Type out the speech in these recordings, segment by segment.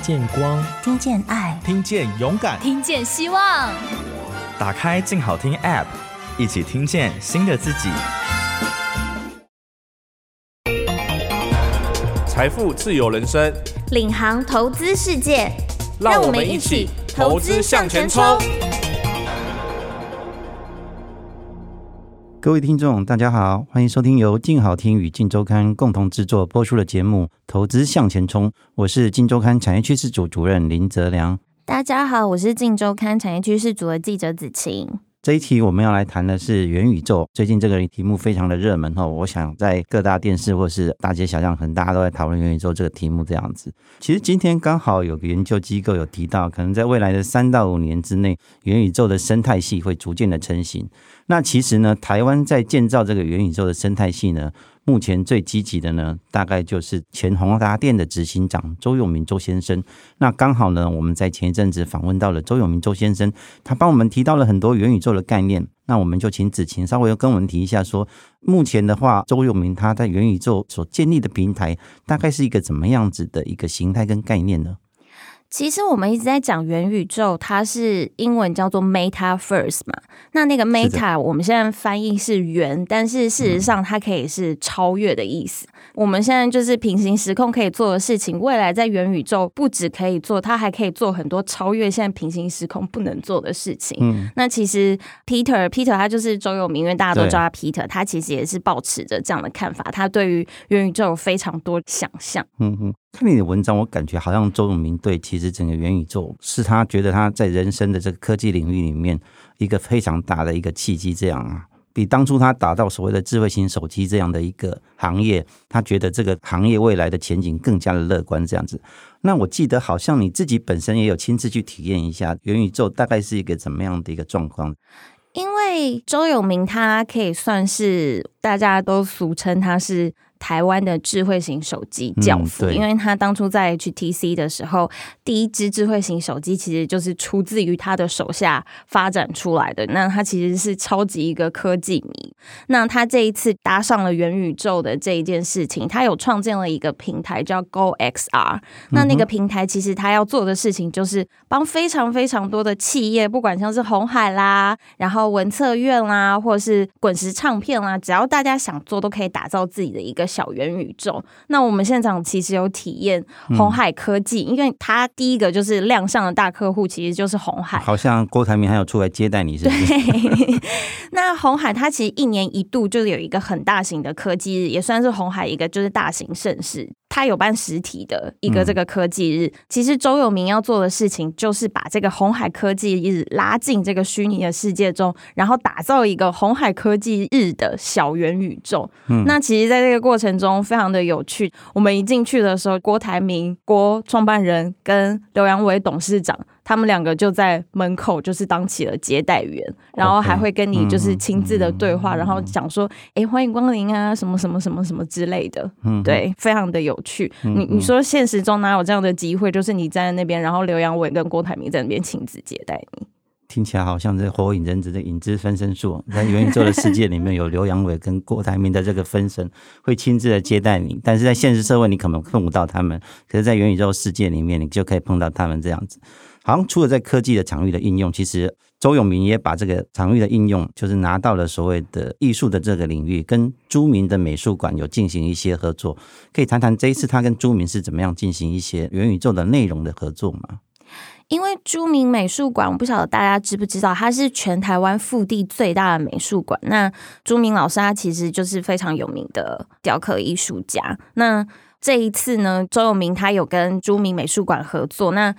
聽見光，聽見愛，聽見勇敢，聽見希望。打開靜好聽 App，一起聽見新的自己。財富自由人生，領航投資世界，讓我們一起投資向前衝。各位聽眾，大家好，歡迎收聽由鏡好聽與鏡週刊共同製作播出的節目《投資向錢衝》。我是鏡週刊產業趨勢組主任林哲良。大家好，我是鏡週刊產業趨勢組的記者子晴。這一期我們要來談的是元宇宙，最近這個題目非常的熱門哈。我想在各大電視或是大街小巷，可能大家都在討論元宇宙這個題目這樣子。其實今天剛好有個研究機構有提到，可能在未來的三到五年之內，元宇宙的生態系會逐漸的成型。那其實呢，台灣在建造這個元宇宙的生態系呢？目前最積極的呢，大概就是前宏達電的執行長周永明周先生。那剛好呢，我們在前一陣子訪問到了周永明周先生，他幫我們提到了很多元宇宙的概念。那我們就請子晴稍微跟我們提一下說，說目前的話，周永明他在元宇宙所建立的平台，大概是一個怎麼樣子的一個形態跟概念呢？其實我們一直在講元宇宙，它是英文叫做 metaverse 嘛。那那個 meta 我們現在翻譯是元，是的。但是事實上它可以是超越的意思。我們現在就是平行時空可以做的事情，未來在元宇宙不止可以做，它還可以做很多超越現在平行時空不能做的事情。嗯，那其實 Peter Peter 他就是周永明，因為大家都叫他 Peter，對他其實也是抱持著這樣的看法。他對於元宇宙有非常多想象。嗯哼，看你的文章，我感覺好像周永明對其實整個元宇宙是他覺得他在人生的這個科技領域裡面一個非常大的一個契機，這樣啊。比當初他打造所謂的智慧型手機這樣的一個行業，他覺得這個行業未來的前景更加的樂觀這樣子。那我記得好像你自己本身也有親自去體驗一下元宇宙，大概是一個怎麼樣的一個狀況？因為周永明他可以算是大家都俗稱他是。台灣的智慧型手機教父，嗯、因為他當初在 HTC 的時候，第一支智慧型手機其實就是出自於他的手下發展出來的。那他其實是超級一個科技迷。那他這一次搭上了元宇宙的這一件事情，他有創建了一個平台叫 GoXR。那那個平台其實他要做的事情就是幫非常非常多的企業，不管像是鴻海啦，然後文策院啦，或是滾石唱片啦，只要大家想做都可以打造自己的一個。小元宇宙，那我們現場其實有體驗鴻海科技，嗯，因為他第一個就是亮相的大客戶其實就是鴻海。好像郭台銘還有出來接待你，是不是？對。那鴻海它其實一年一度就是有一個很大型的科技日，也算是鴻海一個就是大型盛事。他有辦實體的一個這個科技日，嗯、其實周永明要做的事情就是把這個鴻海科技日拉進這個虛擬的世界中，然後打造一個鴻海科技日的小元宇宙。嗯、那其實，在這個過程中非常的有趣。我們一進去的時候，郭台銘、郭創辦人跟劉揚偉董事長。他們兩個就在門口，就是當起了接待員，okay, 然後還會跟你就是親自的對話，嗯嗯然後講說，哎，歡迎光臨啊，什麼什麼什麼什麼之類的，嗯、哼對，非常的有趣。嗯嗯你你說現實中哪有這樣的機會？就是你站在那邊，然後劉揚偉跟郭台銘在那邊親自接待你。聽起來好像是《火影忍者》的影子分身術，在元宇宙的世界裡面有劉揚偉跟郭台銘的這個分身會親自的接待你，但是在現實社會你可能碰不到他們，可是在元宇宙世界裡面你就可以碰到他們這樣子。好像除了在科技的場域的應用，其實周永明也把這個場域的應用，就是拿到了所謂的藝術的這個領域，跟朱銘的美術館有進行一些合作。可以談談這一次他跟朱銘是怎麼樣進行一些元宇宙的內容的合作嗎？因為朱銘美術館，我不曉得大家知不知道，它是全台灣腹地最大的美術館。那朱銘老師他其實就是非常有名的雕刻藝術家。那這一次呢，周永明他有跟朱銘美術館合作。那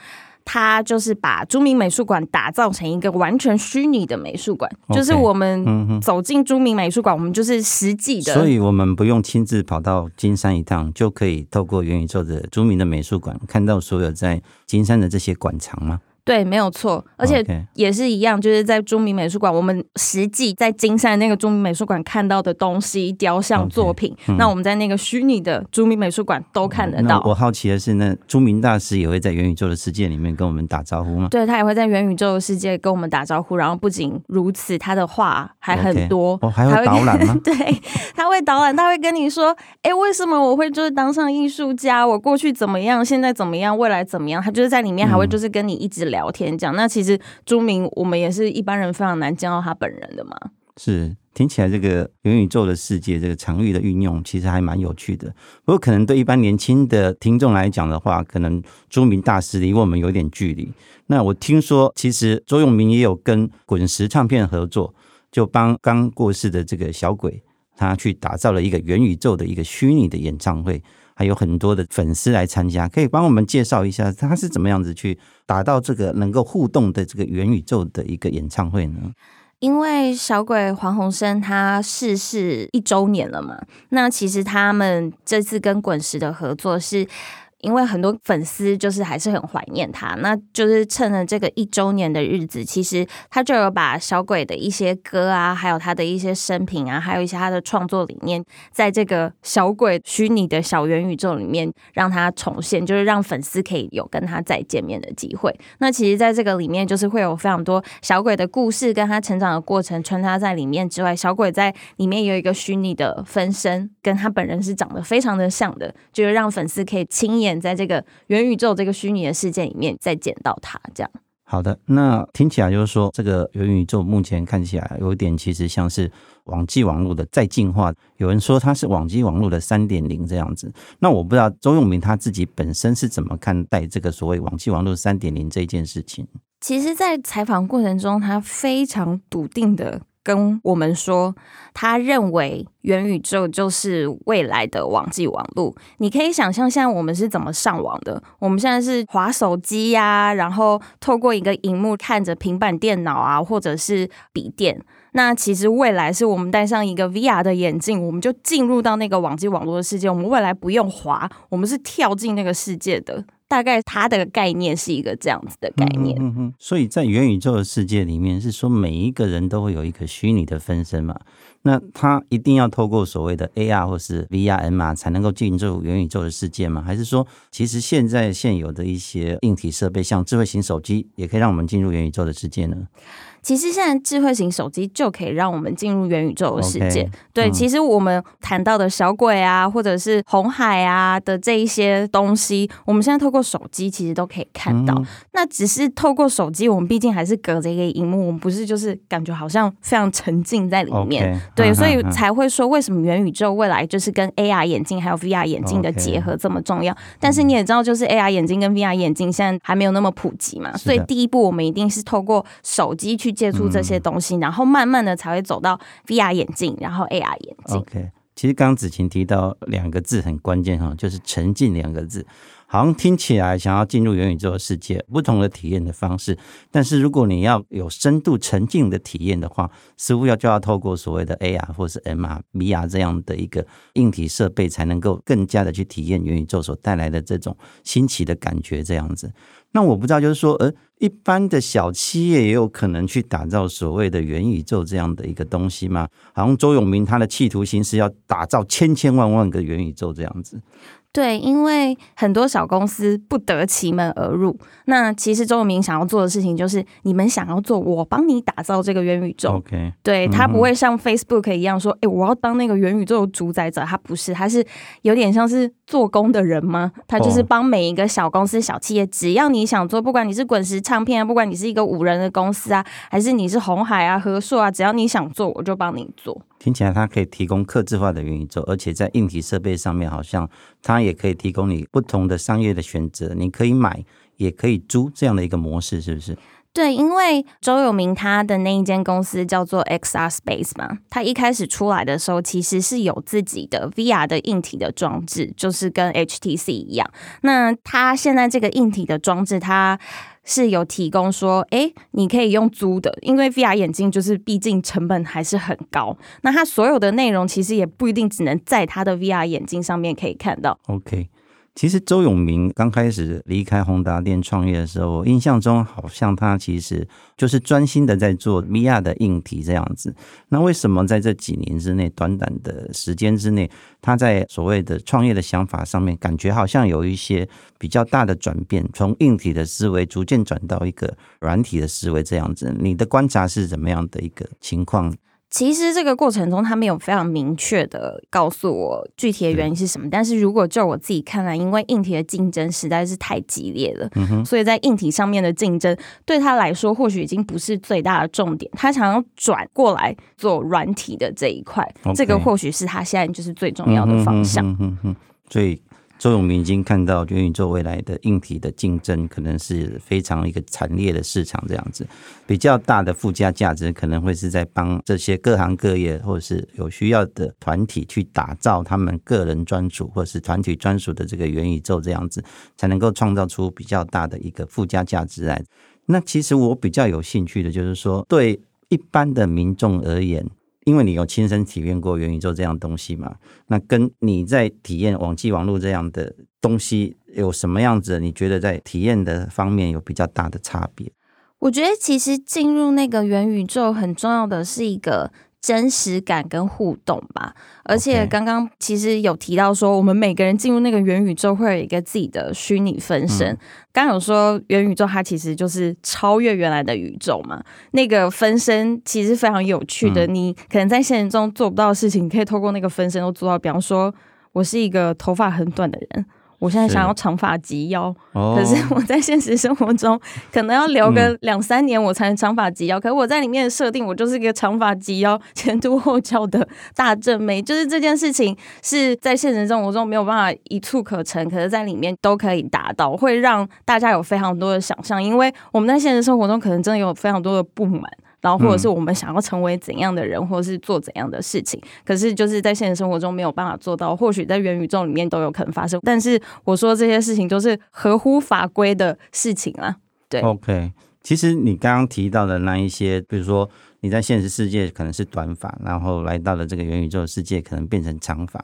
他就是把朱明美術館打造成一個完全虛擬的美術館，Okay, 就是我們走進朱明美術館，嗯、哼我們就是實際的，所以我們不用親自跑到金山一趟，就可以透過元宇宙的朱明的美術館，看到所有在金山的這些館藏嗎？對，沒有錯，而且也是一樣，Okay. 就是在朱銘美術館，我們實際在金山那個朱銘美術館看到的東西、雕像、作品，okay. 嗯、那我們在那個虛擬的朱銘美術館都看得到。嗯、我好奇的是，呢，朱銘大師也會在元宇宙的世界裡面跟我們打招呼嗎？對，他也會在元宇宙的世界跟我們打招呼。然後不僅如此，他的話還很多，okay. 哦、還會導覽嗎？ 對，他會導覽，他會跟你說：“哎，為什麼我會就是當上藝術家？我過去怎麼樣？現在怎麼樣？未來怎麼樣？”他就是在裡面還會就是跟你一直聊。嗯聊天講，那其實朱明我們也是一般人非常難見到他本人的嘛。是，聽起來這個元宇宙的世界，這個場域的運用其實還蠻有趣的。不過可能對一般年輕的聽眾來講的話，可能朱明大師離我們有點距離。那我聽說，其實周永明也有跟滾石唱片合作，就幫剛過世的這個小鬼，他去打造了一個元宇宙的一個虛擬的演唱會。還有很多的粉絲來參加，可以幫我們介紹一下他是怎麼樣子去達到這個能夠互動的這個元宇宙的一個演唱會呢？因為小鬼黃鴻升他逝世，世一周年了嘛，那其實他們這次跟滾石的合作是。因為很多粉絲就是還是很懷念他，那就是趁着這個一周年的日子，其實他就有把小鬼的一些歌啊，還有他的一些生平啊，還有一些他的創作理念，在這個小鬼虛擬的小元宇宙裡面讓他重現，就是讓粉絲可以有跟他再見面的機會。那其實，在這個裡面就是會有非常多小鬼的故事跟他成長的過程穿插在裡面之外，小鬼在裡面有一個虛擬的分身，跟他本人是長得非常的像的，就是讓粉絲可以親眼。在這個元宇宙這個虛擬的世界裡面，再見到他這樣。好的，那聽起來就是說，這個元宇宙目前看起來有點，其實像是網際網絡的再進化。有人說它是網際網絡的三點零這樣子。那我不知道周永明他自己本身是怎麼看待這個所謂網際網絡三點零這件事情。其實，在採訪過程中，他非常篤定的。跟我們說，他認為元宇宙就是未來的網際網絡。你可以想象，現在我們是怎麼上網的？我們現在是滑手機呀、啊，然後透過一個熒幕看着平板電腦啊，或者是筆電。那其實未來是我們戴上一個 VR 的眼鏡，我們就進入到那個網際網絡的世界。我們未來不用滑，我們是跳進那個世界的。大概它的概念是一個這樣子的概念，嗯，所以在元宇宙的世界裡面，是說每一個人都會有一個虛擬的分身嘛？那他一定要透過所謂的 AR 或是 VRM 啊，才能夠進入元宇宙的世界嗎？還是說，其實現在現有的一些硬體設備，像智慧型手機，也可以讓我們進入元宇宙的世界呢？其實現在智慧型手機就可以讓我們進入元宇宙的世界。Okay, 嗯、對，其實我們談到的小鬼啊，或者是紅海啊的這一些東西，我們現在透過手機其實都可以看到。嗯、那只是透過手機，我們畢竟還是隔着一個熒幕，我們不是就是感覺好像非常沉浸在裡面。Okay, 對，所以才會說為什麼元宇宙未來就是跟 AR 眼鏡還有 VR 眼鏡的結合這麼重要。Okay, 但是你也知道，就是 AR 眼鏡跟 VR 眼鏡現在還沒有那麼普及嘛，是的，所以第一步我們一定是透過手機去。接觸這些東西，然後慢慢的才會走到 VR 眼鏡，然後 AR 眼鏡。OK，其實剛剛子晴提到兩個字很關鍵哈，就是沉浸兩個字。好像聽起來想要進入元宇宙的世界，不同的體驗的方式。但是如果你要有深度沉浸的體驗的話，似乎要就要透過所謂的 AR 或者是 MR、VR 這樣的一個硬體設備，才能夠更加的去體驗元宇宙所帶來的這種新奇的感覺。這樣子，那我不知道，就是說，呃，一般的小企業也有可能去打造所謂的元宇宙這樣的一個東西嗎？好像周永明他的企圖心是要打造千千萬萬個元宇宙這樣子。對，因為很多小公司不得其門而入。那其實周永明想要做的事情就是，你們想要做，我幫你打造這個元宇宙。OK，對、嗯、哼他不會像 Facebook 一樣說、欸，我要當那個元宇宙的主宰者。他不是，他是有點像是做工的人嗎？他就是幫每一個小公司、小企業，oh. 只要你想做，不管你是滾石唱片啊，不管你是一個五人的公司啊，還是你是紅海啊、和碩啊，只要你想做，我就幫你做。聽起來它，可以提供客製化的元宇宙，而且在硬體設備上面，好像它也可以提供你不同的商業的選擇，你可以買也可以租這樣的一個模式，是不是？對，因為周永明他的那一間公司叫做 XR Space 嘛，他一開始出來的時候其實是有自己的 VR 的硬體的裝置，就是跟 HTC 一樣。那他現在這個硬體的裝置他，它是有提供說，哎、欸，你可以用租的，因為 VR 眼鏡就是畢竟成本還是很高。那它所有的內容其實也不一定只能在它的 VR 眼鏡上面可以看到。OK。其實周永明剛開始離開宏達電創業的時候，我印象中好像他其實就是專心的在做 VR 的硬體這樣子。那為什麼在這幾年之內，短短的時間之內，他在所謂的創業的想法上面，感覺好像有一些比較大的轉變，從硬體的思維逐漸轉到一個軟體的思維這樣子？你的觀察是怎麼樣的一個情況？其實這個過程中，他沒有非常明確的告訴我具體的原因是什麼。對但是如果就我自己看來，因為硬體的競爭實在是太激烈了，嗯、哼所以在硬體上面的競爭對他來說或許已經不是最大的重點。他想要轉過來做軟體的這一塊，Okay 這個或許是他現在就是最重要的方向。嗯哼嗯哼嗯哼，所以。周永明已經看到元宇宙未來的硬體的競爭可能是非常一個慘烈的市場，這樣子比較大的附加價值可能會是在幫這些各行各業或是有需要的團體去打造他們個人專屬或是團體專屬的這個元宇宙，這樣子才能夠創造出比較大的一個附加價值來。那其實我比較有興趣的就是說，對一般的民眾而言。因為你有親身體驗過元宇宙這樣東西嘛。那跟你在體驗網際網路這樣的東西有什麼樣子，你覺得在體驗的方面有比較大的差別？我覺得其實進入那個元宇宙很重要的是一個真實感跟互動吧，而且剛剛其實有提到說，Okay. 我們每個人進入那個元宇宙會有一個自己的虛擬分身。剛、嗯、有說元宇宙它其實就是超越原來的宇宙嘛，那個分身其實非常有趣的，嗯、你可能在現實中做不到的事情，你可以透過那個分身都做到。比方說我是一個頭髮很短的人。我現在想要長髮及腰，是 oh. 可是我在現實生活中可能要留個兩三年，我才能長髮及腰。嗯、可是我在裡面設定，我就是一個長髮及腰、前凸後翹的大正妹。就是這件事情是在現實生活中沒有辦法一蹴可成，可是在裡面都可以達到，會讓大家有非常多的想象。因為我們在現實生活中可能真的有非常多的不滿。然後或者是我們想要成為怎樣的人，或者是做怎樣的事情，可是就是在現實生活中沒有辦法做到，或許在元宇宙裡面都有可能發生。但是我說這些事情都是合乎法規的事情啊。對，OK，其實你剛剛提到的那一些，比如說你在現實世界可能是短髮，然後來到了這個元宇宙世界可能變成長髮。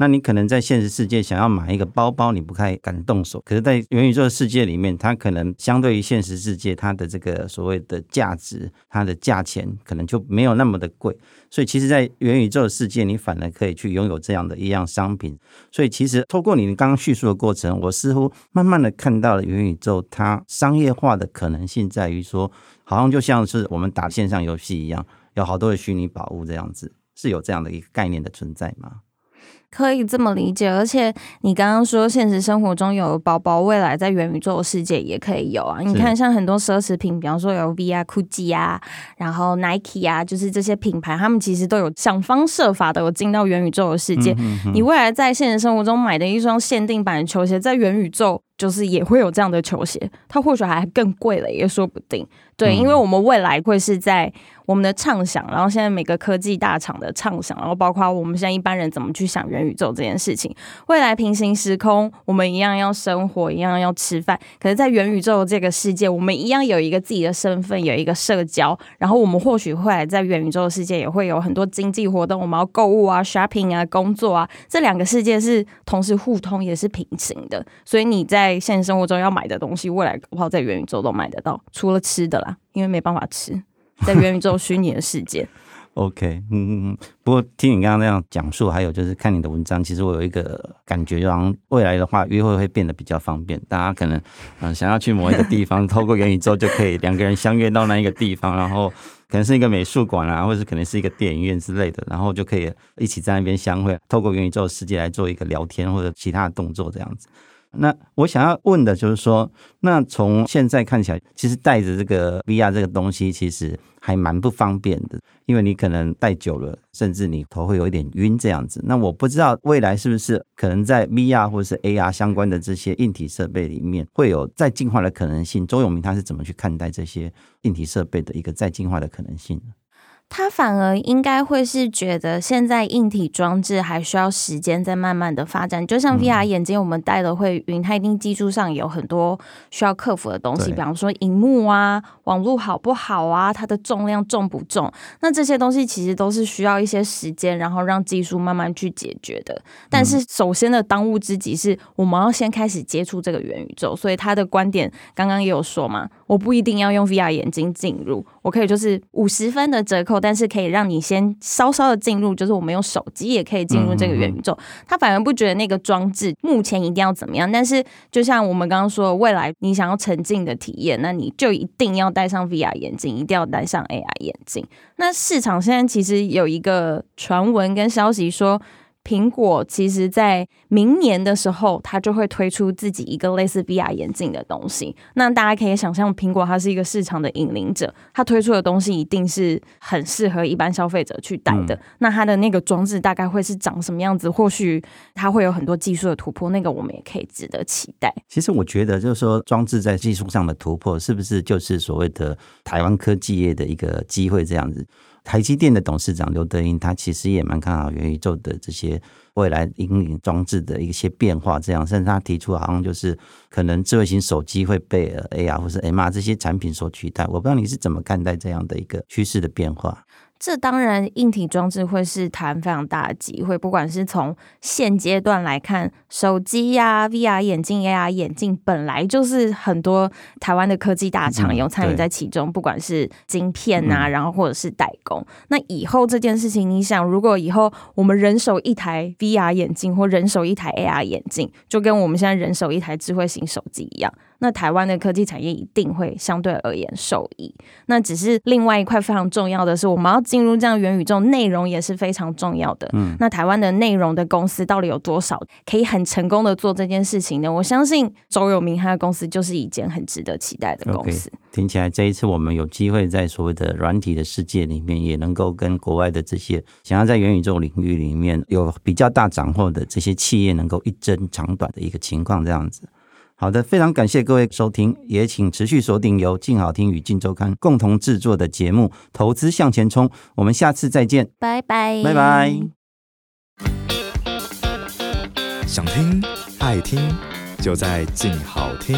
那你可能在現實世界想要買一個包包，你不太敢動手。可是，在元宇宙的世界裡面，它可能相對於現實世界，它的這個所謂的價值，它的價錢可能就沒有那麼的貴。所以，其實，在元宇宙的世界，你反而可以去擁有這樣的一樣商品。所以，其實透過你剛剛敘述的過程，我似乎慢慢的看到了元宇宙它商業化的可能性，在於說，好像就像是我們打線上遊戲一樣，有好多的虛擬寶物這樣子，是有這樣的一個概念的存在嗎？可以這麼理解，而且你剛剛說現實生活中有包包，未來在元宇宙的世界也可以有啊。是你看，像很多奢侈品，比方說 LV 啊、GUCCI 啊，然後 Nike 啊，就是這些品牌，他們其實都有想方設法的有進到元宇宙的世界。嗯、哼哼，你未來在現實生活中買的一雙限定版的球鞋，在元宇宙。就是也會有這樣的球鞋，它或許還更貴了，也說不定。對，因為我們未來會是在我們的暢想，然後現在每個科技大廠的暢想，然後包括我們現在一般人怎麼去想元宇宙這件事情。未來平行時空，我們一樣要生活，一樣要吃飯。可是在元宇宙這個世界，我們一樣有一個自己的身份，有一個社交。然後我們或許會在元宇宙的世界也會有很多經濟活動，我們要購物啊、shopping 啊、工作啊。這兩個世界是同時互通，也是平行的。所以你在。在現實生活中要買的東西，未來恐怕在元宇宙都買得到，除了吃的啦，因為沒辦法吃。在元宇宙虛擬的世界 ，OK。嗯，嗯不過聽你剛剛那樣講述，還有就是看你的文章，其實我有一個感覺，就好像未來的話，約會會變得比較方便。大家可能、呃、想要去某一個地方，透過元宇宙就可以兩個人相約到那一個地方， 然後可能是一個美術館啊，或者是可能是一個電影院之類的，然後就可以一起在那邊相會，透過元宇宙的世界來做一個聊天或者其他的動作，這樣子。那我想要問的就是說，那從現在看起來，其實戴着這個 VR 這個東西，其實還蠻不方便的，因為你可能戴久了，甚至你頭會有一點暈這樣子。那我不知道未來是不是可能在 VR 或是 AR 相關的這些硬體設備裡面，會有再進化的可能性。周永明他是怎麼去看待這些硬體設備的一個再進化的可能性呢？他反而應該會是覺得，現在硬體裝置還需要時間再慢慢的發展。就像 VR 眼鏡我們戴了會暈，它一定技術上也有很多需要克服的東西，對比方說熒幕啊、網絡好不好啊、它的重量重不重。那這些東西其實都是需要一些時間，然後讓技術慢慢去解決的。但是首先的當務之急是，我們要先開始接觸這個元宇宙。所以他的觀點剛剛也有說嘛，我不一定要用 VR 眼鏡進入。我可以就是五十分的折扣，但是可以讓你先稍稍的進入，就是我們用手機也可以進入這個元宇宙。嗯嗯嗯。他反而不覺得那個裝置目前一定要怎麼樣，但是就像我們剛剛說的，未來你想要沉浸的體驗，那你就一定要戴上 VR 眼鏡，一定要戴上 AI 眼鏡。那市場現在其實有一個傳聞跟消息說，蘋果其實，在明年的時候，它就會推出自己一個類似 VR 眼鏡的東西。那大家可以想象，蘋果它是一個市場的引領者，它推出的東西一定是很適合一般消費者去戴的。那它的那個裝置大概會是長什麼樣子？或許它會有很多技術的突破，那個我們也可以值得期待。其實，我覺得就是說，裝置在技術上的突破，是不是就是所謂的台灣科技業的一個機會這樣子。台積電的董事長劉德英，他其實也蠻看好元宇宙的這些未來引領裝置的一些變化。這樣，甚至他提出好像就是可能智慧型手機會被 AR 或是 MR 這些產品所取代。我不知道你是怎麼看待這樣的一個趨勢的變化。這當然，硬體裝置會是台灣非常大的機會。不管是從現階段來看，手機呀、啊、VR 眼鏡、AR 眼鏡，本來就是很多台灣的科技大廠有參與在其中，嗯、不管是晶片吶、啊，然後或者是代工。嗯、那以後這件事情，你想，如果以後我們人手一台 VR 眼鏡或人手一台 AR 眼鏡，就跟我們現在人手一台智慧型手機一樣。那台灣的科技產業一定會相對而言受益。那只是另外一塊非常重要的是，我們要進入這樣元宇宙，內容也是非常重要的。嗯，那台灣的內容的公司到底有多少可以很成功的做這件事情呢？我相信周永明他的公司就是一間很值得期待的公司。Okay, 聽起來這一次我們有機會在所謂的軟體的世界裡面，也能夠跟國外的這些想要在元宇宙領域裡面有比較大斬獲的這些企業，能夠一爭長短的一個情況，這樣子。好的，非常感謝各位收聽，也請持續鎖定由鏡好聽與鏡週刊共同製作的節目《投資向錢衝》，我們下次再見，拜拜，拜拜。想聽愛聽就在鏡好聽。